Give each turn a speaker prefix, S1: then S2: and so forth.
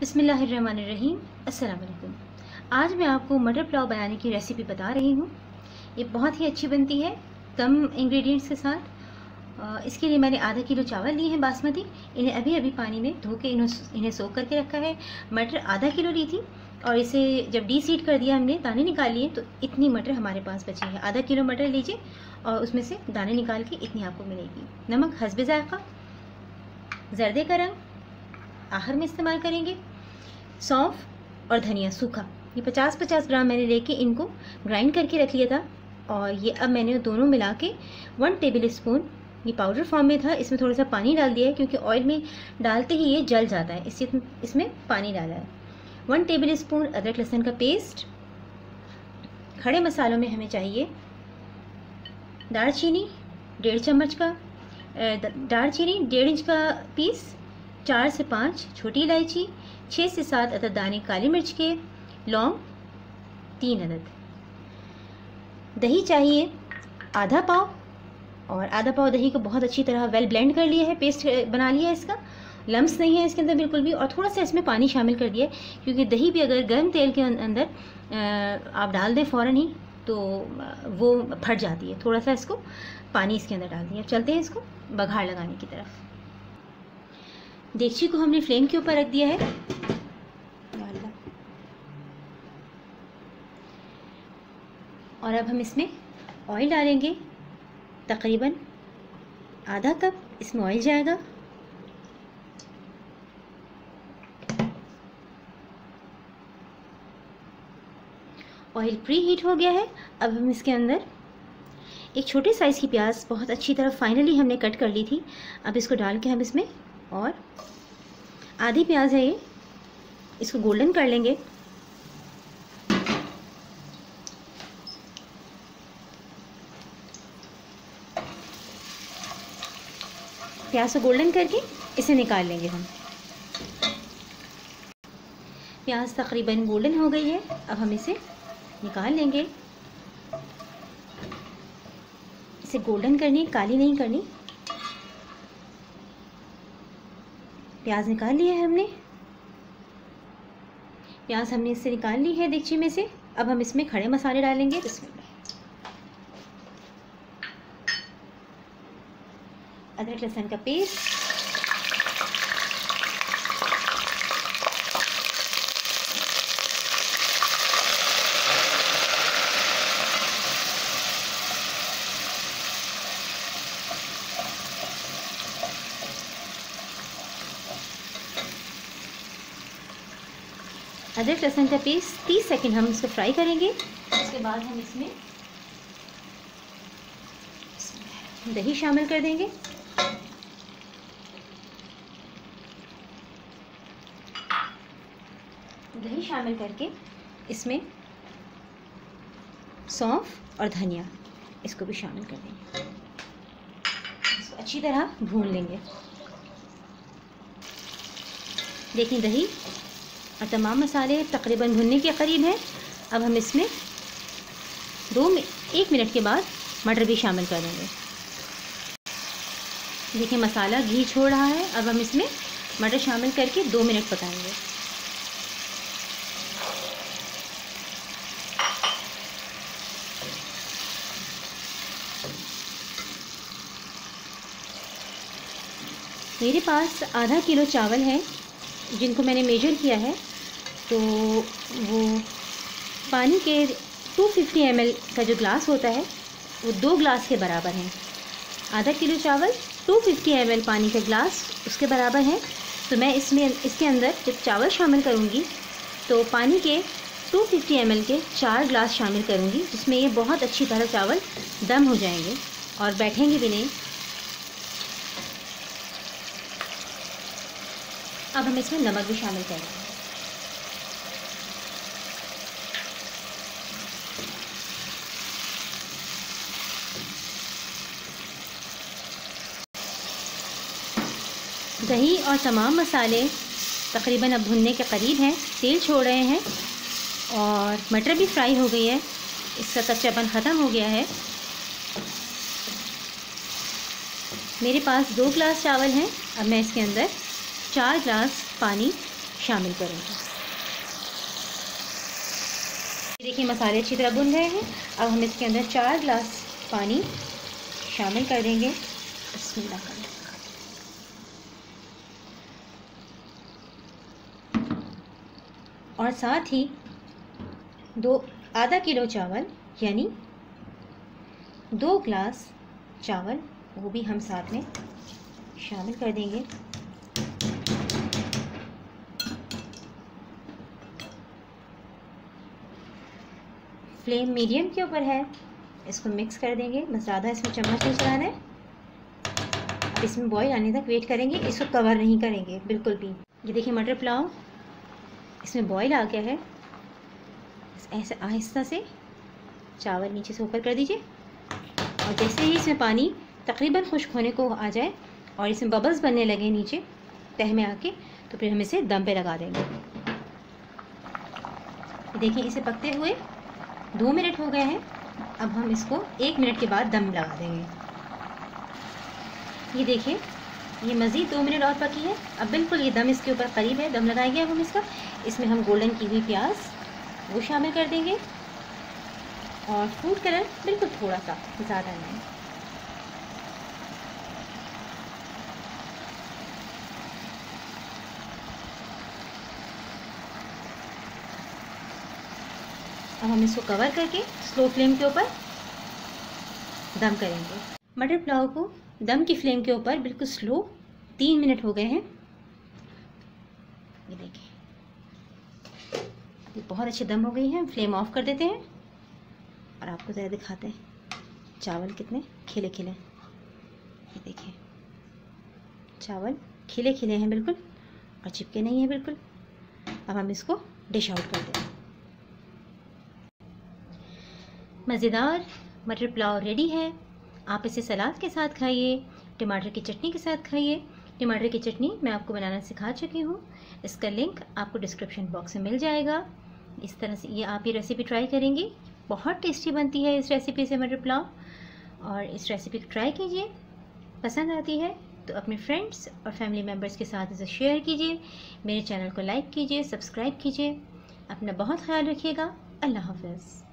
S1: बसमीम् अल्लाम आज मैं आपको मटर पुलाव बनाने की रेसिपी बता रही हूँ ये बहुत ही अच्छी बनती है कम इंग्रेडिएंट्स के साथ इसके लिए मैंने आधा किलो चावल लिए हैं बासमती इन्हें अभी अभी पानी में धो के इन्हें सोख करके रखा है मटर आधा किलो ली थी और इसे जब डी सीड कर दिया हमने दाने निकाल लिए तो इतनी मटर हमारे पास बची है आधा किलो मटर लीजिए और उसमें से दाने निकाल के इतनी आपको मिलेगी नमक हसबे ज़ायक़ा जरदे का रंग आहर में इस्तेमाल करेंगे सौंफ और धनिया सूखा ये पचास पचास ग्राम मैंने लेके इनको ग्राइंड करके रख लिया था और ये अब मैंने दोनों मिला के वन टेबल स्पून ये पाउडर फॉर्म में था इसमें थोड़ा सा पानी डाल दिया है क्योंकि ऑयल में डालते ही ये जल जाता है इसी इसमें पानी डाला है वन टेबल स्पून अदरक लहसुन का पेस्ट खड़े मसालों में हमें चाहिए दालचीनी डेढ़ चम्मच का दालचीनी डेढ़ इंच का पीस चार से पाँच छोटी इलायची छः से सात अदद दाने काली मिर्च के लौंग तीन अदद दही चाहिए आधा पाव और आधा पाव दही को बहुत अच्छी तरह वेल ब्लेंड कर लिया है पेस्ट बना लिया है इसका लम्स नहीं है इसके अंदर बिल्कुल भी और थोड़ा सा इसमें पानी शामिल कर दिया क्योंकि दही भी अगर गर्म तेल के अं-, अंदर आप डाल दें फ़ौरन ही तो वो फट जाती है थोड़ा सा इसको पानी इसके अंदर डाल दिया चलते हैं इसको बघार लगाने की तरफ देगची को हमने फ्लेम के ऊपर रख दिया है और अब हम इसमें ऑयल डालेंगे तकरीबन आधा कप इसमें ऑयल जाएगा ऑयल प्री हीट हो गया है अब हम इसके अंदर एक छोटे साइज़ की प्याज बहुत अच्छी तरह फाइनली हमने कट कर ली थी अब इसको डाल के हम इसमें और आधी प्याज है ये इसको गोल्डन कर लेंगे प्याज को गोल्डन करके इसे निकाल लेंगे हम प्याज तकरीबन गोल्डन हो गई है अब हम इसे निकाल लेंगे इसे गोल्डन करनी काली नहीं करनी प्याज निकाल लिया है हमने प्याज हमने इससे निकाल ली है देखिए में से अब हम इसमें खड़े मसाले डालेंगे इसमें अदरक लहसन का पेस्ट अदरक लहसुन का पेस्ट तीस सेकेंड हम इसको फ्राई करेंगे उसके बाद हम इसमें दही शामिल कर देंगे दही शामिल करके इसमें सौंफ और धनिया इसको भी शामिल कर देंगे इसको अच्छी तरह भून लेंगे देखिए दही और तमाम मसाले तकरीबन भुनने के करीब हैं अब हम इसमें दो एक मिनट के बाद मटर भी शामिल कर देंगे देखिए मसाला घी छोड़ रहा है अब हम इसमें मटर शामिल करके दो मिनट पकाएंगे मेरे पास आधा किलो चावल है जिनको मैंने मेजर किया है तो वो पानी के 250 फिफ्टी का जो ग्लास होता है वो दो ग्लास के बराबर हैं आधा किलो चावल 250 फिफ्टी पानी का ग्लास उसके बराबर हैं तो मैं इसमें इसके अंदर जब चावल शामिल करूँगी तो पानी के 250 फिफ्टी के चार ग्लास शामिल करूँगी जिसमें ये बहुत अच्छी तरह चावल दम हो जाएंगे और बैठेंगे भी नहीं अब हम इसमें नमक भी शामिल करेंगे दही और तमाम मसाले तकरीबन अब भुनने के करीब हैं तेल छोड़ रहे हैं और मटर भी फ्राई हो गई है इसका कच्चापन ख़त्म हो गया है मेरे पास दो ग्लास चावल हैं अब मैं इसके अंदर चार ग्लास पानी शामिल करूँगी देखिए मसाले अच्छी तरह भुन गए हैं अब हम इसके अंदर चार ग्लास पानी शामिल कर देंगे बसमिल्ला और साथ ही दो आधा किलो चावल यानी दो ग्लास चावल वो भी हम साथ में शामिल कर देंगे फ्लेम मीडियम के ऊपर है इसको मिक्स कर देंगे बस ज़्यादा इसमें चम्मच नहीं चलाना है अब इसमें बॉईल आने तक वेट करेंगे इसको कवर नहीं करेंगे बिल्कुल भी ये देखिए मटर पुलाव इसमें बॉयल आ गया है ऐसे आहिस्ता से चावल नीचे से ऊपर कर दीजिए और जैसे ही इसमें पानी तकरीबन खुश्क होने को आ जाए और इसमें बबल्स बनने लगे नीचे तह में आके तो फिर हम इसे दम पे लगा देंगे देखिए इसे पकते हुए दो मिनट हो गए हैं अब हम इसको एक मिनट के बाद दम लगा देंगे ये देखिए ये मज़ीद दो मिनट और पकी है अब बिल्कुल ये दम इसके ऊपर करीब है दम लगाया गया हम इसका इसमें हम गोल्डन की हुई प्याज वो शामिल कर देंगे और फूड कलर बिल्कुल थोड़ा सा ज़्यादा नहीं अब हम इसको कवर करके स्लो फ्लेम के ऊपर दम करेंगे मटर पुलाव को दम की फ्लेम के ऊपर बिल्कुल स्लो तीन मिनट हो गए हैं ये देखिए ये बहुत अच्छी दम हो गई है फ्लेम ऑफ कर देते हैं और आपको ज़रा दिखाते हैं चावल कितने खिले खिले ये देखिए चावल खिले खिले हैं बिल्कुल और चिपके नहीं हैं बिल्कुल अब हम इसको डिश आउट कर दें मज़ेदार मटर पुलाव रेडी है आप इसे सलाद के साथ खाइए टमाटर की चटनी के साथ खाइए टमाटर की चटनी मैं आपको बनाना सिखा चुकी हूँ इसका लिंक आपको डिस्क्रिप्शन बॉक्स में मिल जाएगा इस तरह से ये आप ये रेसिपी ट्राई करेंगे बहुत टेस्टी बनती है इस रेसिपी से मटर पुलाव और इस रेसिपी को ट्राई कीजिए पसंद आती है तो अपने फ्रेंड्स और फैमिली मेम्बर्स के साथ इसे शेयर कीजिए मेरे चैनल को लाइक कीजिए सब्सक्राइब कीजिए अपना बहुत ख्याल रखिएगा अल्लाह हाफिज़